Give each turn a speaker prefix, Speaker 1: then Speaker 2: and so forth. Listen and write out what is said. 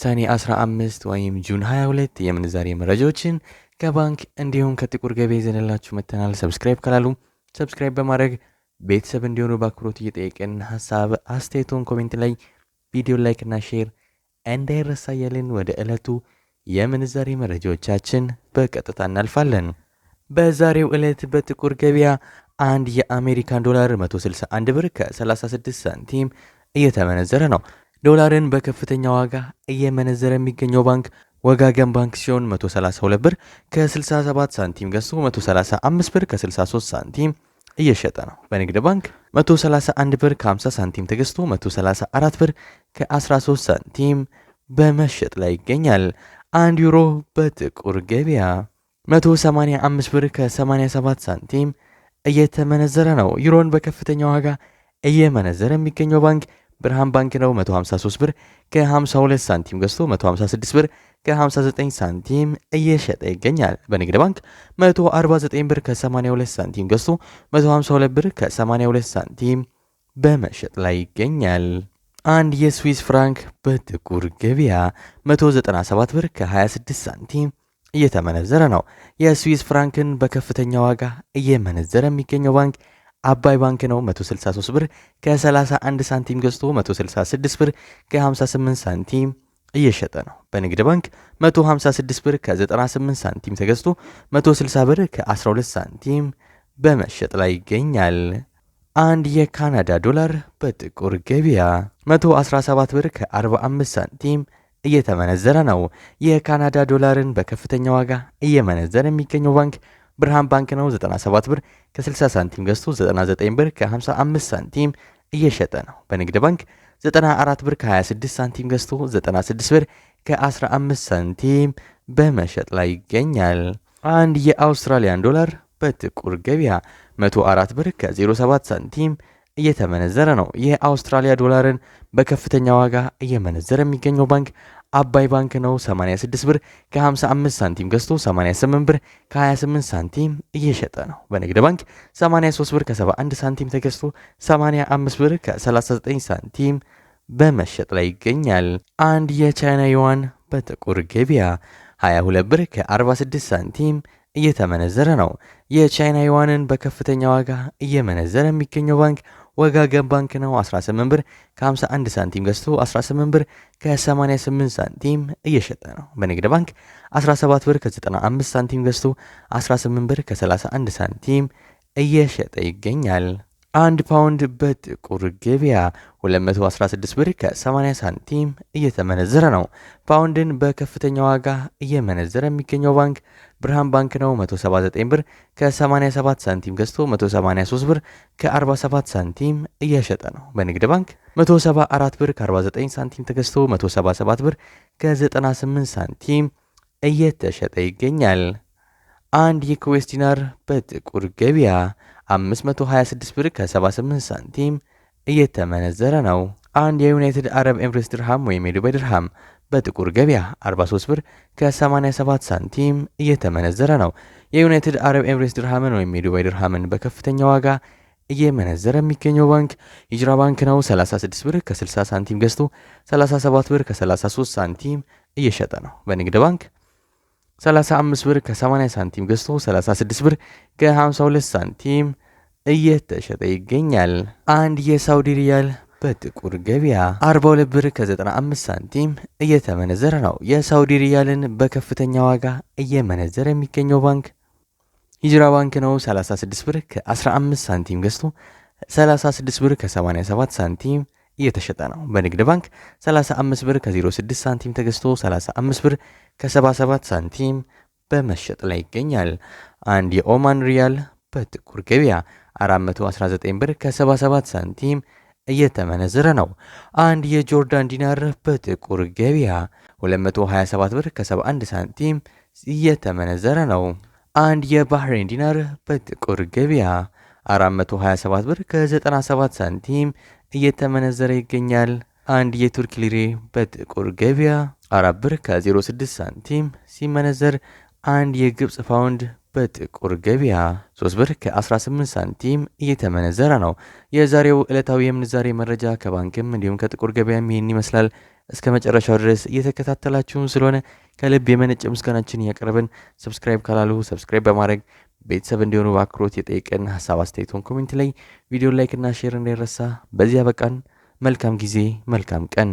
Speaker 1: ሰኔ 15 ወይም ጁን 22 የምንዛሬ መረጃዎችን ከባንክ እንዲሁም ከጥቁር ገበያ ይዘንላችሁ መተናል። ሰብስክራይብ ካላሉ ሰብስክራይብ በማድረግ ቤተሰብ እንዲሆኑ በአክብሮት እየጠየቅን ሀሳብ አስተያየቶን ኮሜንት ላይ ቪዲዮ ላይክ እና ሼር እንዳይረሳ እያልን ወደ ዕለቱ የምንዛሬ መረጃዎቻችን በቀጥታ እናልፋለን። በዛሬው ዕለት በጥቁር ገበያ አንድ የአሜሪካን ዶላር 161 ብር ከ36 ሳንቲም እየተመነዘረ ነው። ዶላርን በከፍተኛ ዋጋ እየመነዘረ የሚገኘው ባንክ ወጋገን ባንክ ሲሆን 132 ብር ከ67 ሳንቲም ገዝቶ 135 ብር ከ63 ሳንቲም እየሸጠ ነው። በንግድ ባንክ 131 ብር ከ50 ሳንቲም ተገዝቶ 134 ብር ከ13 ሳንቲም በመሸጥ ላይ ይገኛል። አንድ ዩሮ በጥቁር ገበያ 185 ብር ከ87 ሳንቲም እየተመነዘረ ነው። ዩሮን በከፍተኛ ዋጋ እየመነዘረ የሚገኘው ባንክ ብርሃን ባንክ ነው 153 ብር ከ52 ሳንቲም ገዝቶ 156 ብር ከ59 ሳንቲም እየሸጠ ይገኛል። በንግድ ባንክ 149 ብር ከ82 ሳንቲም ገዝቶ 152 ብር ከ82 ሳንቲም በመሸጥ ላይ ይገኛል። አንድ የስዊስ ፍራንክ በጥቁር ገበያ 197 ብር ከ26 ሳንቲም እየተመነዘረ ነው። የስዊስ ፍራንክን በከፍተኛ ዋጋ እየመነዘረ የሚገኘው ባንክ አባይ ባንክ ነው 163 ብር ከ31 ሳንቲም ገዝቶ 166 ብር ከ58 ሳንቲም እየሸጠ ነው። በንግድ ባንክ 156 ብር ከ98 ሳንቲም ተገዝቶ 160 ብር ከ12 ሳንቲም በመሸጥ ላይ ይገኛል። አንድ የካናዳ ዶላር በጥቁር ገበያ 117 ብር ከ45 ሳንቲም እየተመነዘረ ነው። የካናዳ ዶላርን በከፍተኛ ዋጋ እየመነዘረ የሚገኘው ባንክ ብርሃን ባንክ ነው 97 ብር ከ60 ሳንቲም ገዝቶ 99 ብር ከ55 ሳንቲም እየሸጠ ነው። በንግድ ባንክ 94 ብር ከ26 ሳንቲም ገዝቶ 96 ብር ከ15 ሳንቲም በመሸጥ ላይ ይገኛል። አንድ የአውስትራሊያን ዶላር በጥቁር ገበያ 104 ብር ከ07 ሳንቲም እየተመነዘረ ነው። የአውስትራሊያ ዶላርን በከፍተኛ ዋጋ እየመነዘረ የሚገኘው ባንክ አባይ ባንክ ነው 86 ብር ከ55 ሳንቲም ገዝቶ 88 ብር ከ28 ሳንቲም እየሸጠ ነው። በንግድ ባንክ 83 ብር ከ71 ሳንቲም ተገዝቶ 85 ብር ከ39 ሳንቲም በመሸጥ ላይ ይገኛል። አንድ የቻይና ዩዋን በጥቁር ገበያ 22 ብር ከ46 ሳንቲም እየተመነዘረ ነው። የቻይና ዩዋንን በከፍተኛ ዋጋ እየመነዘረ የሚገኘው ባንክ ወጋገን ባንክ ነው። 18 ብር ከ51 ሳንቲም ገዝቶ 18 ብር ከ88 ሳንቲም እየሸጠ ነው። በንግድ ባንክ 17 ብር ከ95 ሳንቲም ገዝቶ 18 ብር ከ31 ሳንቲም እየሸጠ ይገኛል። አንድ ፓውንድ በጥቁር ገበያ 216 ብር ከ80 ሳንቲም እየተመነዘረ ነው። ፓውንድን በከፍተኛ ዋጋ እየመነዘረ የሚገኘው ባንክ ብርሃን ባንክ ነው 179 ብር ከ87 ሳንቲም ገዝቶ 183 ብር ከ47 ሳንቲም እየሸጠ ነው። በንግድ ባንክ 174 ብር ከ49 ሳንቲም ተገዝቶ 177 ብር ከ98 ሳንቲም እየተሸጠ ይገኛል። አንድ የኩዌስ ዲናር በጥቁር ገበያ 526 ብር ከ78 ሳንቲም እየተመነዘረ ነው። አንድ የዩናይትድ አረብ ኤምሬትስ ድርሃም ወይም የዱባይ ድርሃም በጥቁር ገበያ 43 ብር ከ87 ሳንቲም እየተመነዘረ ነው። የዩናይትድ አረብ ኤምሬትስ ድርሃምን ወይም የዱባይ ድርሃምን በከፍተኛ ዋጋ እየመነዘረ የሚገኘው ባንክ ሂጅራ ባንክ ነው። 36 ብር ከ60 ሳንቲም ገዝቶ 37 ብር ከ33 ሳንቲም እየሸጠ ነው። በንግድ ባንክ 35 ብር ከ80 ሳንቲም ገዝቶ 36 ብር ከ52 ሳንቲም እየተሸጠ ይገኛል። አንድ የሳውዲ ሪያል በጥቁር ገበያ 42 ብር ከ95 ሳንቲም እየተመነዘረ ነው። የሳውዲ ሪያልን በከፍተኛ ዋጋ እየመነዘረ የሚገኘው ባንክ ሂጅራ ባንክ ነው። 36 ብር ከ15 ሳንቲም ገዝቶ 36 ብር ከ87 ሳንቲም እየተሸጠ ነው። በንግድ ባንክ 35 ብር ከ06 ሳንቲም ተገዝቶ 35 ብር ከ77 ሳንቲም በመሸጥ ላይ ይገኛል። አንድ የኦማን ሪያል በጥቁር ገበያ 419 ብር ከ77 ሳንቲም እየተመነዘረ ነው። አንድ የጆርዳን ዲናር በጥቁር ገበያ 227 ብር ከ71 ሳንቲም እየተመነዘረ ነው። አንድ የባህሬን ዲናር በጥቁር ገበያ 427 ብር ከ97 ሳንቲም እየተመነዘረ ይገኛል። አንድ የቱርክ ሊሬ በጥቁር ገበያ 4 ብር ከ06 ሳንቲም ሲመነዘር አንድ የግብፅ ፓውንድ በጥቁር ገበያ 3 ብር ከ18 ሳንቲም እየተመነዘረ ነው። የዛሬው ዕለታዊ የምንዛሬ መረጃ ከባንክም እንዲሁም ከጥቁር ገበያም ይህን ይመስላል። እስከ መጨረሻው ድረስ እየተከታተላችሁን ስለሆነ ከልብ የመነጨ ምስጋናችን እያቀረብን ሰብስክራይብ ካላሉ ሰብስክራይብ በማድረግ ቤተሰብ እንዲሆኑ በአክብሮት የጠየቀን ሀሳብ አስተያየቶን ኮሜንት ላይ ቪዲዮ ላይክና ሼር እንዳይረሳ። በዚያ በቃን። መልካም ጊዜ፣ መልካም ቀን